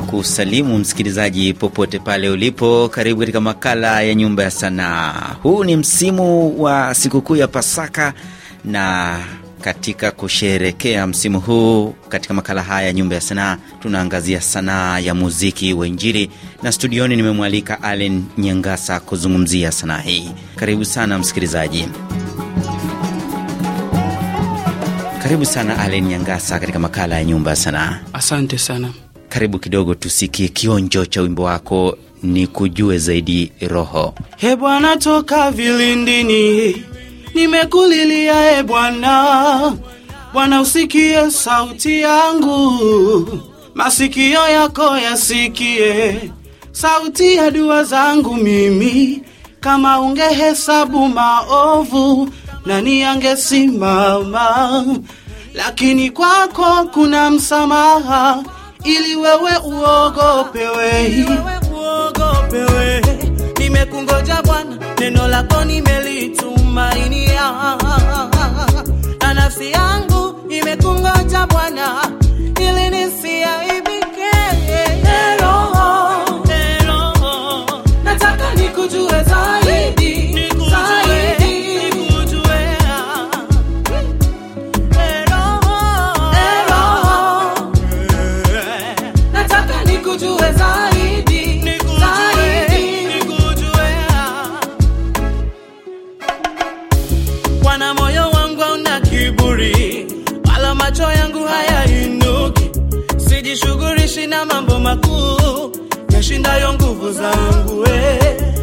kusalimu msikilizaji popote pale ulipo. Karibu katika makala ya Nyumba ya Sanaa. Huu ni msimu wa sikukuu ya Pasaka, na katika kusherekea msimu huu, katika makala haya ya Nyumba ya Sanaa tunaangazia sanaa ya muziki wa injiri na studioni nimemwalika alen Nyangasa kuzungumzia sanaa hii. Karibu sana msikilizaji. Karibu sana alen Nyangasa katika makala ya Nyumba ya Sanaa. Asante sana karibu kidogo tusikie kionjo cha wimbo wako ni kujue zaidi roho he bwana toka vilindini nimekulilia e bwana bwana usikie sauti yangu masikio yako yasikie sauti ya dua zangu mimi kama ungehesabu maovu nani angesimama lakini kwako kuna msamaha ili wewe uogopewe. Uogopewe, nimekungoja Bwana, neno lako nimelitumainia, na nafsi yangu imekungoja Bwana ili nisiaibike. makuu yashindayo nguvu zangu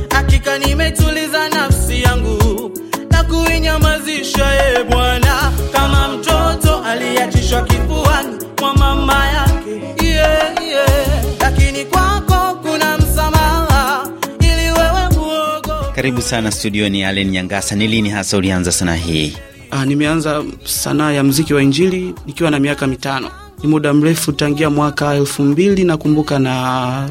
hakika eh. nimetuliza nafsi yangu na kuinyamazisha ye bwana kama mtoto aliyeachishwa kifuani mwa mama yake yeah, yeah. lakini kwako kuna msamaha ili wewe muogo karibu sana studioni Allen nyangasa ni lini hasa ulianza sanaa hii Ah, nimeanza sanaa ya mziki wa Injili nikiwa na miaka mitano ni muda mrefu tangia mwaka elfu mbili nakumbuka na,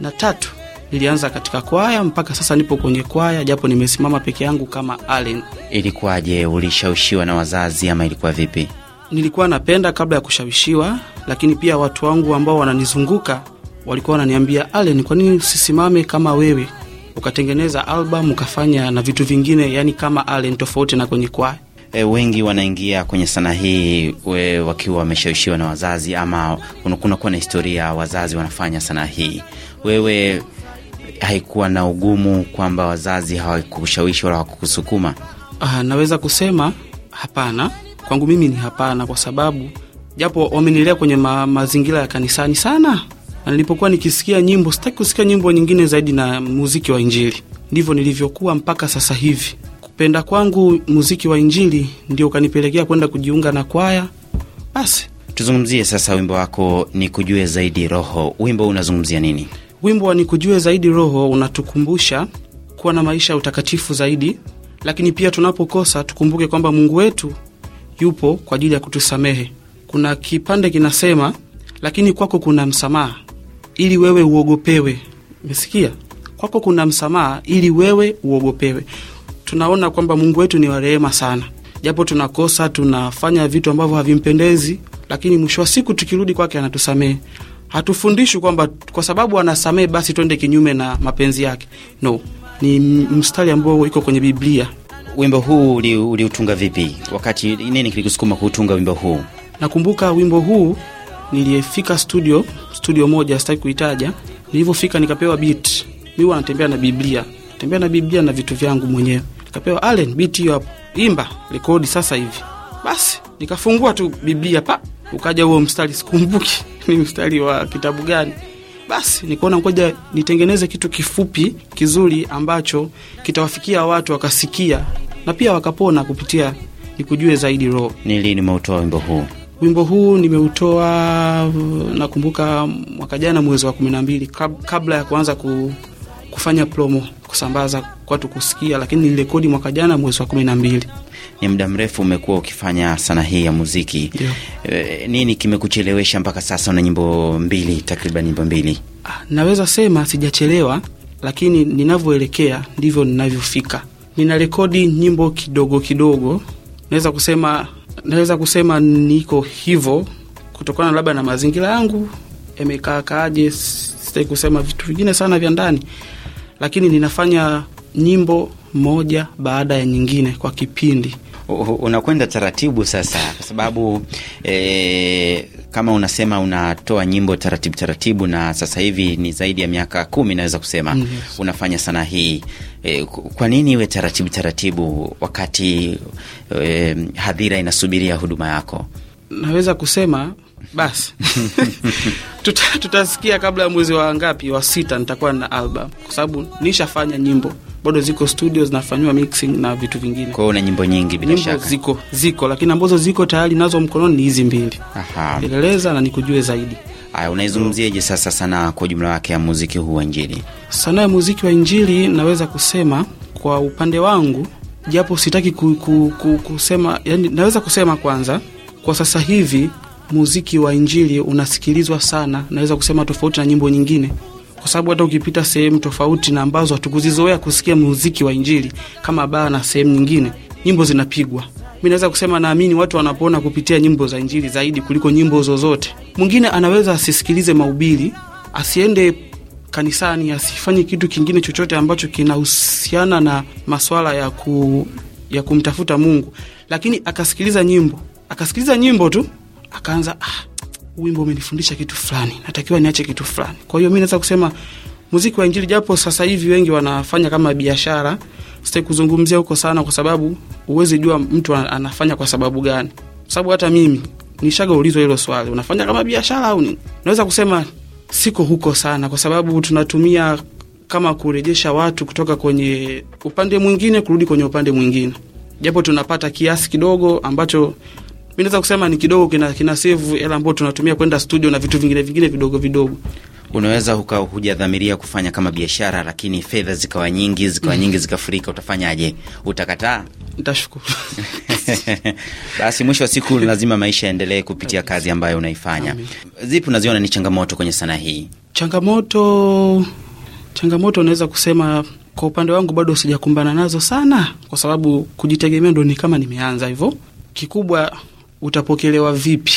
na tatu nilianza katika kwaya mpaka sasa nipo kwenye kwaya japo nimesimama peke yangu kama Allen. Ilikuwaje, ulishawishiwa na wazazi ama ilikuwa vipi? Nilikuwa napenda kabla ya kushawishiwa, lakini pia watu wangu ambao wananizunguka walikuwa wananiambia, Allen, kwa nini usisimame kama wewe ukatengeneza album ukafanya na vitu vingine, yani kama Allen, tofauti na kwenye kwaya e, wengi wanaingia kwenye sanaa hii wakiwa wameshawishiwa na wazazi, ama kunakuwa na historia, wazazi wanafanya sanaa hii. Wewe haikuwa na ugumu kwamba wazazi hawakushawishi wala hawakusukuma? Ah, naweza kusema hapana, kwangu mimi ni hapana, kwa sababu japo wamenilea kwenye ma, mazingira ya kanisani sana, na nilipokuwa nikisikia nyimbo, sitaki kusikia nyimbo nyingine zaidi na muziki wa Injili. Ndivyo nilivyokuwa mpaka sasa hivi kupenda kwangu muziki wa Injili ndio ukanipelekea kwenda kujiunga na kwaya. Basi tuzungumzie sasa wimbo wako nikujue zaidi roho. Wimbo unazungumzia nini? Wimbo wa nikujue zaidi roho unatukumbusha kuwa na maisha ya utakatifu zaidi, lakini pia tunapokosa tukumbuke kwamba Mungu wetu yupo kwa ajili ya kutusamehe. Kuna kipande kinasema, lakini kwako kuna msamaha ili wewe uogopewe. Umesikia? Kwako kuna msamaha ili wewe uogopewe tunaona kwamba Mungu wetu ni warehema sana, japo tunakosa, tunafanya vitu ambavyo havimpendezi, lakini mwisho wa siku tukirudi kwake anatusamehe. Hatufundishwi kwamba kwa sababu anasamehe basi twende kinyume na mapenzi yake. No, ni mstari ambao iko kwenye Biblia. Wimbo huu uliutunga vipi? Wakati nini kilikusukuma kuutunga wimbo huu? Nakumbuka wimbo huu niliyefika studio, studio moja sitaki kuitaja. Nilivyofika nikapewa beat, mi wanatembea na Biblia, tembea na Biblia na vitu vyangu mwenyewe nikapewa Allen biti hiyo hapo, imba rekodi sasa hivi. Basi nikafungua tu Biblia pa, ukaja huo mstari, sikumbuki ni mstari wa kitabu gani. Basi nikaona ngoja nitengeneze kitu kifupi kizuri ambacho kitawafikia watu wakasikia na pia wakapona kupitia nikujue zaidi roho. Ni lini umeutoa wimbo huu? Wimbo huu nimeutoa uh, nakumbuka mwaka jana mwezi wa kumi na mbili, kabla ya kuanza ku, kufanya promo kusambaza kwa tukusikia, lakini nilirekodi mwaka jana mwezi wa kumi na mbili. Ni muda mrefu umekuwa ukifanya sanaa hii ya muziki e, nini kimekuchelewesha mpaka sasa? Una nyimbo mbili, takriban nyimbo mbili. Ah, naweza sema sijachelewa, lakini ninavyoelekea ndivyo ninavyofika. Nina rekodi nyimbo kidogo kidogo, naweza kusema naweza kusema niko hivyo kutokana labda na mazingira yangu yamekaakaaje, sitaki kusema vitu vingine sana vya ndani, lakini ninafanya nyimbo moja baada ya nyingine kwa kipindi. Unakwenda taratibu sasa, kwa sababu e, kama unasema unatoa nyimbo taratibu taratibu, na sasa hivi ni zaidi ya miaka kumi naweza kusema mm -hmm. unafanya sana hii e, kwa nini iwe taratibu taratibu wakati e, hadhira inasubiria huduma yako? Naweza kusema basi Tuta, tutasikia kabla ya mwezi wa ngapi, wa sita, nitakuwa na album, kwa sababu nishafanya nyimbo bado ziko studio zinafanyiwa mixing na vitu vingine. Kwa hiyo una nyimbo nyingi bila nyimbo shaka. Ziko, ziko lakini ambazo ziko tayari nazo mkononi ni hizi mbili. Aha. Eleleza na nikujue zaidi. Aya, unaizungumziaje sasa sana kwa ujumla wake ya muziki huu wa Injili? Sanaa ya muziki wa Injili naweza kusema kwa upande wangu, japo sitaki ku, ku, ku, kusema yani, naweza kusema kwanza, kwa sasa hivi muziki wa injili unasikilizwa sana, naweza kusema tofauti na nyimbo nyingine, kwa sababu hata ukipita sehemu tofauti na ambazo hatukuzizoea kusikia muziki wa injili kama baa na sehemu nyingine, nyimbo zinapigwa. Mi naweza kusema naamini watu wanapona kupitia nyimbo za injili zaidi kuliko nyimbo zozote. Mwingine anaweza asisikilize mahubiri, asiende kanisani, asifanye kitu kingine chochote ambacho kinahusiana na maswala ya, ku, ya kumtafuta Mungu, lakini akasikiliza nyimbo, akasikiliza nyimbo tu akaanza ah, wimbo umenifundisha kitu fulani, natakiwa niache kitu fulani. Kwa hiyo mi naweza kusema muziki wa Injili, japo sasa hivi wengi wanafanya kama biashara, sitaki kuzungumzia huko sana, kwa sababu huwezi jua mtu anafanya kwa sababu gani, kwa sababu hata mimi nishagaulizwa hilo swali, unafanya kama biashara au nini? Naweza kusema siko huko sana, kwa sababu tunatumia kama kurejesha watu kutoka kwenye upande mwingine kurudi kwenye upande mwingine, japo tunapata kiasi kidogo ambacho mi naweza kusema ni kidogo kina, kina save hela ambayo tunatumia kwenda studio na vitu vingine vingine vidogo vidogo unaweza ukawa hujadhamiria kufanya kama biashara, lakini fedha zikawa nyingi zikawa nyingi mm-hmm. zikafurika, utafanyaje? Utakataa? Nitashukuru. Basi mwisho wa siku lazima maisha yaendelee kupitia kazi ambayo unaifanya. Zipi unaziona ni changamoto kwenye sana hii? Changamoto, changamoto unaweza kusema kwa upande wangu bado sijakumbana nazo sana, kwa sababu kujitegemea ndo ni kama nimeanza hivyo. Kikubwa utapokelewa vipi?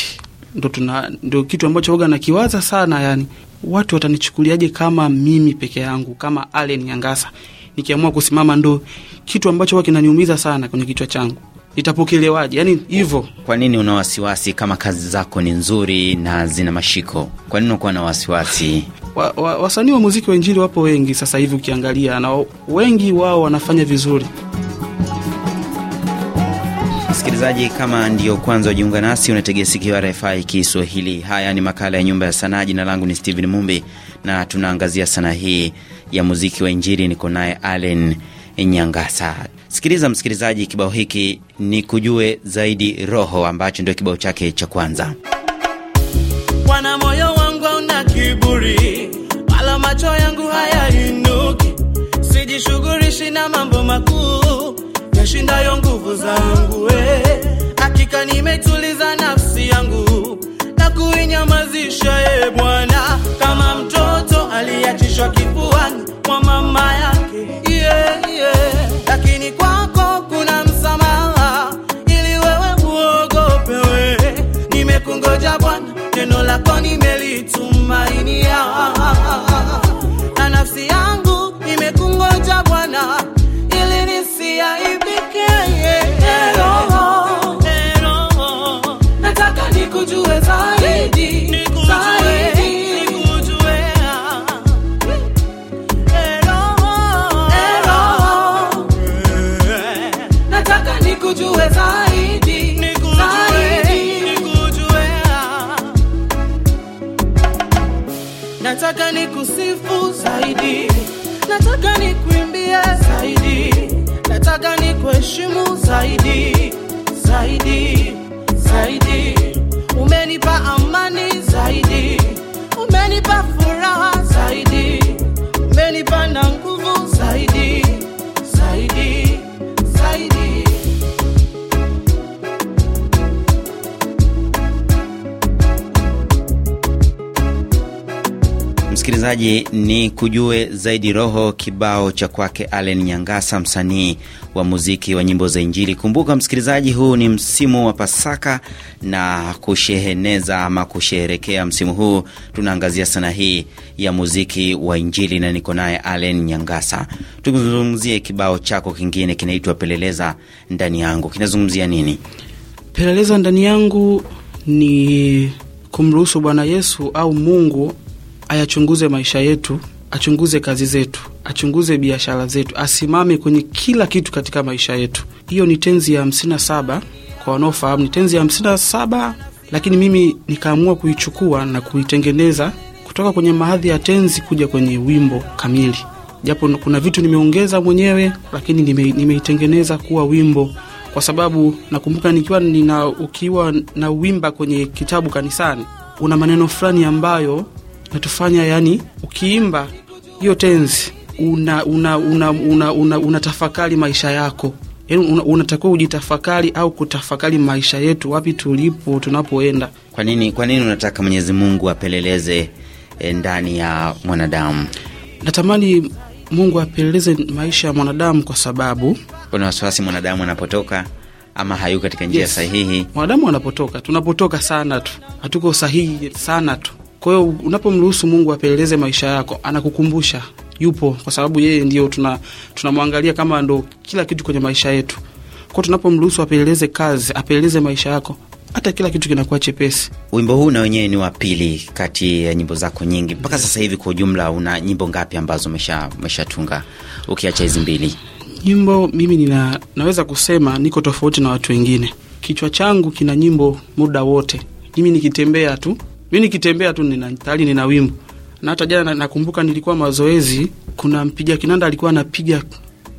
Ndo tuna ndo kitu ambacho uga nakiwaza sana, yani watu watanichukuliaje kama mimi peke yangu, kama Allen Nyangasa nikiamua kusimama, ndo kitu ambacho huwa kinaniumiza sana kwenye kichwa changu itapokelewaje? Yani hivyo. Kwa nini una wasiwasi kama kazi zako ni nzuri na zina mashiko? Kwa nini unakuwa na wasiwasi? wa, wa, wasanii wa muziki wa injili wapo wengi sasa hivi ukiangalia, na wengi wao wanafanya vizuri. Msikilizaji, kama ndiyo kwanza ujiunga nasi, unategea sikio RFI Kiswahili. Haya ni makala ya Nyumba ya Sanaa. Jina langu ni stehen Mumbi na tunaangazia sanaa hii ya muziki wa injiri Niko naye alen Nyangasa. Sikiliza msikilizaji, kibao hiki ni kujue zaidi roho, ambacho ndio kibao chake cha kwanza. Bwana, moyo wangu kiburi, wala macho yangu hayainuki, sijishughulishi na mambo makuu ishindayo nguvu zangu hakika nimetuliza nafsi yangu na kuinyamazisha e Bwana, kama mtoto aliachishwa kifuani kwa mama yake yeah, yeah. nataka kusifu zaidi, nataka kuimbia zaidi, nataka kuheshimu zaidi, zaidi, zaidi. Umenipa amani zaidi, umenipa furaha zaidi, umenipa na nguvu zaidi, zaidi. Msikilizaji, ni kujue zaidi roho kibao cha kwake alen Nyangasa, msanii wa muziki wa nyimbo za Injili. Kumbuka msikilizaji, huu ni msimu wa Pasaka na kusheheneza ama kusheherekea msimu huu, tunaangazia sana hii ya muziki wa Injili na niko naye alen Nyangasa. Tuzungumzie kibao chako kingine kinaitwa Peleleza ndani yangu, kinazungumzia nini? Peleleza ndani yangu ni kumruhusu Bwana Yesu au Mungu ayachunguze maisha yetu, achunguze kazi zetu, achunguze biashara zetu, asimame kwenye kila kitu katika maisha yetu. Hiyo ni tenzi ya hamsini na saba kwa wanaofahamu ni tenzi ya hamsini na saba lakini mimi nikaamua kuichukua na kuitengeneza kutoka kwenye mahadhi ya tenzi kuja kwenye wimbo kamili, japo kuna vitu nimeongeza mwenyewe, lakini nime, nimeitengeneza kuwa wimbo kwa sababu nakumbuka nikiwa nina ukiwa na wimba kwenye kitabu kanisani, una maneno fulani ambayo natufanya yani, ukiimba hiyo tenzi una, una, una, una, una, una tafakari maisha yako yani, unatakiwa una ujitafakari au kutafakari maisha yetu, wapi tulipo, tunapoenda. Kwa nini, kwa nini unataka Mwenyezi Mungu apeleleze eh, ndani ya mwanadamu? Natamani Mungu apeleleze maisha ya mwanadamu kwa sababu kuna wasiwasi mwanadamu anapotoka ama hayuko katika njia yes, sahihi. Mwanadamu anapotoka, tunapotoka sana tu, hatuko sahihi sana tu kwa hiyo unapomruhusu Mungu apeleleze maisha yako, anakukumbusha yupo, kwa sababu yeye ndio tunamwangalia tuna kama ndo kila kitu kwenye maisha yetu. Kwa tunapomruhusu apeleleze kazi, apeleleze maisha yako hata kila kitu kinakuwa chepesi. Wimbo huu na wenyewe ni wa pili kati ya nyimbo zako nyingi mpaka sasa hivi. Kwa ujumla, una nyimbo ngapi ambazo umeshatunga ukiacha hizi mbili nyimbo? Mimi nina, naweza kusema niko tofauti na watu wengine. Kichwa changu kina nyimbo muda wote, mimi nikitembea tu mi nikitembea tu ninatali nina wimbo na hata jana nakumbuka nilikuwa mazoezi, kuna mpiga kinanda alikuwa anapiga,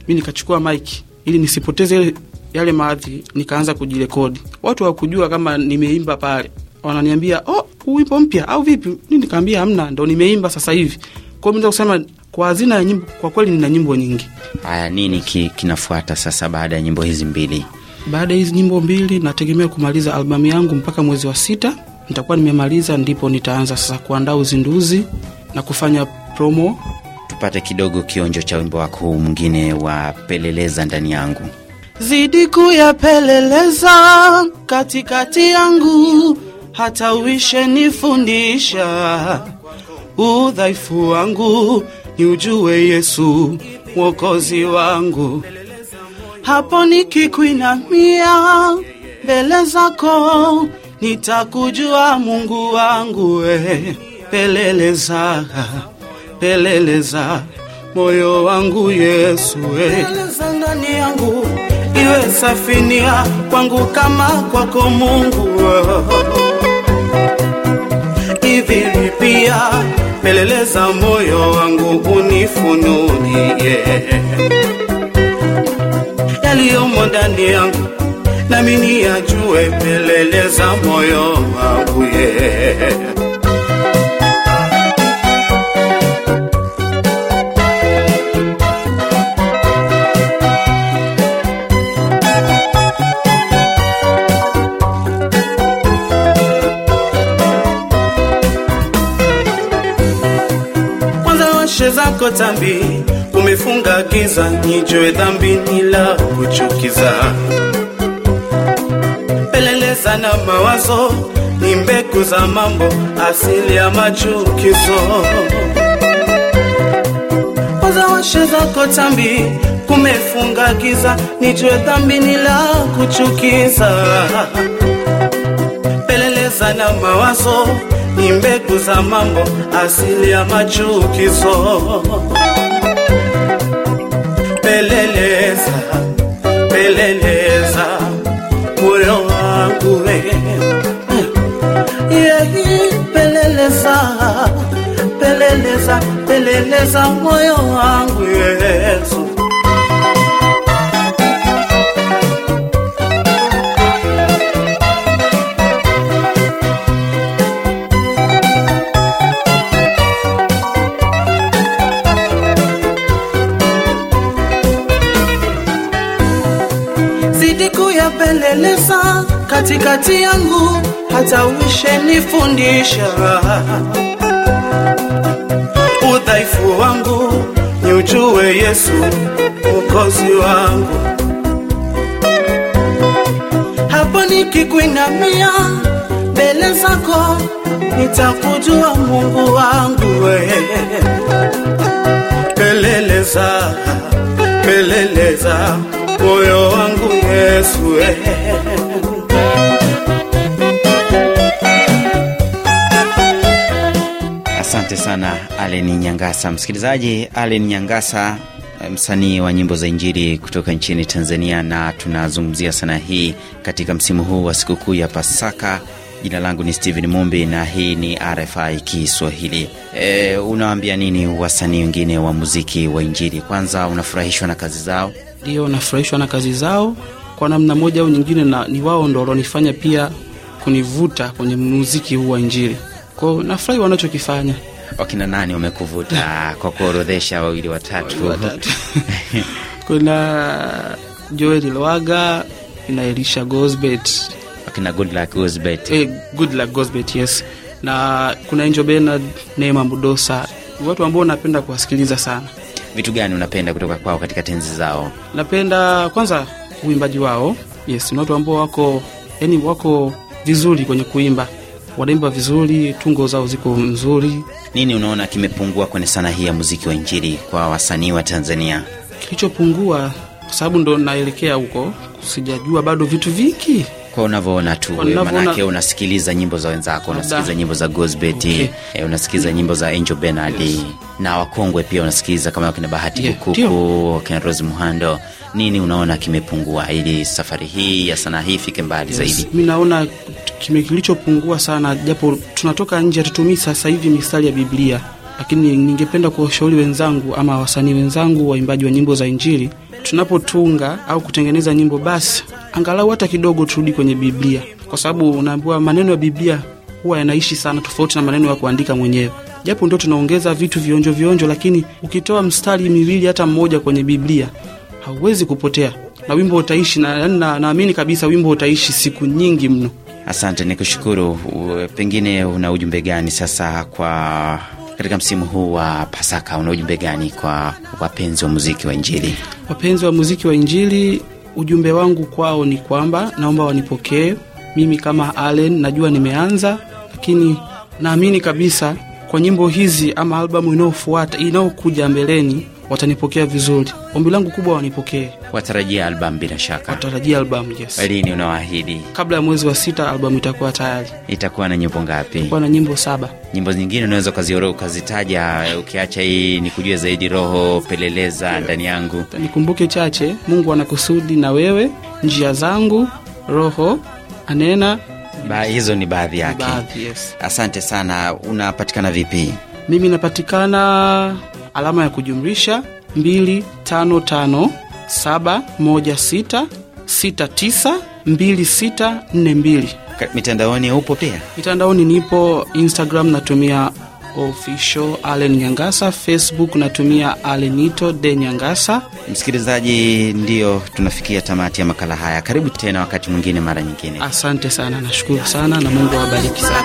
mi nikachukua maiki ili nisipoteze yale maadhi, nikaanza kujirekodi. Watu hawakujua kama nimeimba pale, wananiambia oh, wimbo mpya au vipi? Mi nikaambia hamna, ndo nimeimba sasa hivi. kwao hiyo kusema kwa hazina ya nyimbo, kwa kweli nina nyimbo nyingi. Haya, nini ki, kinafuata sasa baada ya nyimbo hizi mbili? Baada ya hizi nyimbo mbili nategemea kumaliza albamu yangu mpaka mwezi wa sita nitakuwa nimemaliza, ndipo nitaanza sasa kuandaa uzinduzi na kufanya promo. Tupate kidogo kionjo cha wimbo wako huu mwingine wa peleleza ndani yangu. Zidi kuyapeleleza katikati yangu, hata uishe nifundisha udhaifu wangu, ni ujue Yesu mwokozi wangu. Hapo nikikwinamia mbele zako nitakujua Mungu wangu we, peleleza peleleza moyo wangu Yesu we, peleleza ndani yangu iwe safinia kwangu kama kwako Mungu ivilipia pia peleleza moyo wangu unifunulie yaliyomo ndani yangu nami ajue pelele za moyo wangu yeye Washe zako tambi, umefunga giza, nijue dhambi ni la kuchukiza pesa na mawazo ni mbegu za mambo, asili ya machukizo. Oza washe zako tambi, kumefunga giza, nijue dhambi ni la kuchukiza. Peleleza na mawazo ni mbegu za mambo, asili ya machukizo. Peleleza, peleleza toure yeki peleleza peleleza peleleza moyo wangu yesu katikati yangu, hata umeshenifundisha. Udhaifu wangu ni ujue Yesu mukozi wangu. Hapo nikikuinamia mbele zako, nitakujua Mungu wangu we. Peleleza, peleleza moyo wangu Yesu we. Asante sana aleni Nyangasa. Msikilizaji, Alen Nyangasa, msanii wa nyimbo za injiri kutoka nchini Tanzania, na tunazungumzia sana hii katika msimu huu wa sikukuu ya Pasaka. Jina langu ni stephen Mumbi na hii ni RFI Kiswahili. E, unawambia nini wasanii wengine wa muziki wa injiri Kwanza, unafurahishwa na kazi zao? Ndio, unafurahishwa na kazi zao kwa namna moja au nyingine, na ni wao ndo walionifanya pia kunivuta kwenye muziki huu wa injiri kwao. Nafurahi wanachokifanya. Wakina nani wamekuvuta kwa kuorodhesha wawili watatu? watatu. kuna Joel Lwaga, na Elisha Gosbet, wakina Goodluck Gosbet. Eh, Goodluck Gosbet, yes, na kuna enjo benard Neema Mudosa, watu ambao napenda kuwasikiliza sana. Vitu gani unapenda kutoka kwao katika tenzi zao? Napenda kwanza uimbaji wao, yes, ni watu ambao wako yani wako vizuri kwenye kuimba wanaimba vizuri, tungo zao ziko nzuri. Nini unaona kimepungua kwenye sanaa hii ya muziki wa injili kwa wasanii wa Tanzania? Kilichopungua kwa sababu ndo naelekea huko, sijajua bado vitu vingi kwa unavyoona tu manake, unasikiliza nyimbo za wenzako, unasikiliza nyimbo za Gosbet okay. E, unasikiliza nyimbo za Angel Bernard yes. na wakongwe pia unasikiliza kama wakina Bahati Bukuku yeah. wakina Rose Muhando nini unaona kimepungua ili safari hii ya sanaa hii ifike mbali yes, zaidi? Mi naona kime kilichopungua sana, japo tunatoka nje, hatutumii sasa hivi mistari ya Biblia, lakini ningependa kuwashauri wenzangu ama wasanii wenzangu waimbaji wa nyimbo za Injili, tunapotunga au kutengeneza nyimbo, basi angalau hata kidogo turudi kwenye Biblia, kwa sababu unaambiwa maneno ya Biblia huwa yanaishi sana, tofauti na maneno ya kuandika mwenyewe japo ndio tunaongeza vitu vionjo vionjo, lakini ukitoa mstari miwili hata mmoja kwenye Biblia hauwezi kupotea, na wimbo utaishi, na yaani naamini na, na kabisa wimbo utaishi siku nyingi mno. Asante, nikushukuru. Pengine una ujumbe gani sasa kwa katika msimu huu wa Pasaka, una ujumbe gani kwa wapenzi wa muziki wa Injili? Wapenzi wa muziki wa Injili, ujumbe wangu kwao ni kwamba naomba wanipokee mimi kama alen Najua nimeanza, lakini naamini kabisa kwa nyimbo hizi ama albamu inayofuata inayokuja mbeleni watanipokea vizuri. Ombi langu kubwa wanipokee. Watarajia albamu bila shaka, watarajia albamu. Yes. Lini unawaahidi? Kabla ya mwezi wa sita albamu itakuwa tayari. Itakuwa na nyimbo ngapi? Itakuwa na nyimbo saba. Nyimbo zingine unaweza ukazitaja, ukiacha hii kujua zaidi, roho peleleza ndani yangu, nikumbuke chache. Mungu anakusudi na wewe, njia zangu, roho anena ba, hizo ni baadhi yake. Baadhi, yes. Asante sana. Unapatikana vipi? Mimi napatikana alama ya kujumlisha 255716692642. Mitandaoni upo pia? Mitandaoni nipo Instagram natumia official Allen Nyangasa, Facebook natumia Alenito de Nyangasa. Msikilizaji, ndio tunafikia tamati ya makala haya. Karibu tena wakati mwingine, mara nyingine. Asante sana, nashukuru sana na Mungu awabariki sana.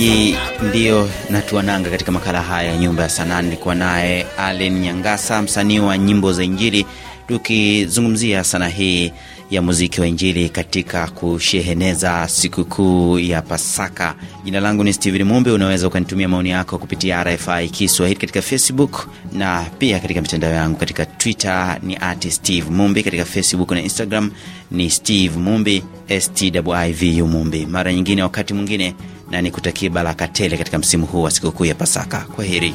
msikilizaji, ndiyo natuananga katika makala haya ya Nyumba ya Sanaa. Nilikuwa naye alen Nyangasa, msanii wa nyimbo za Injili, tukizungumzia sanaa hii ya muziki wa Injili katika kusheheneza sikukuu ya Pasaka. Jina langu ni Steven Mumbe. Unaweza ukanitumia maoni yako kupitia RFI Kiswahili katika Facebook na pia katika mitandao yangu katika Twitter ni at Steve Mumbi, katika Facebook na Instagram ni Steve Mumbi, Stivu Mumbi. Mara nyingine, wakati mwingine, na nikutakia baraka tele katika msimu huu wa sikukuu ya Pasaka. Kwa heri.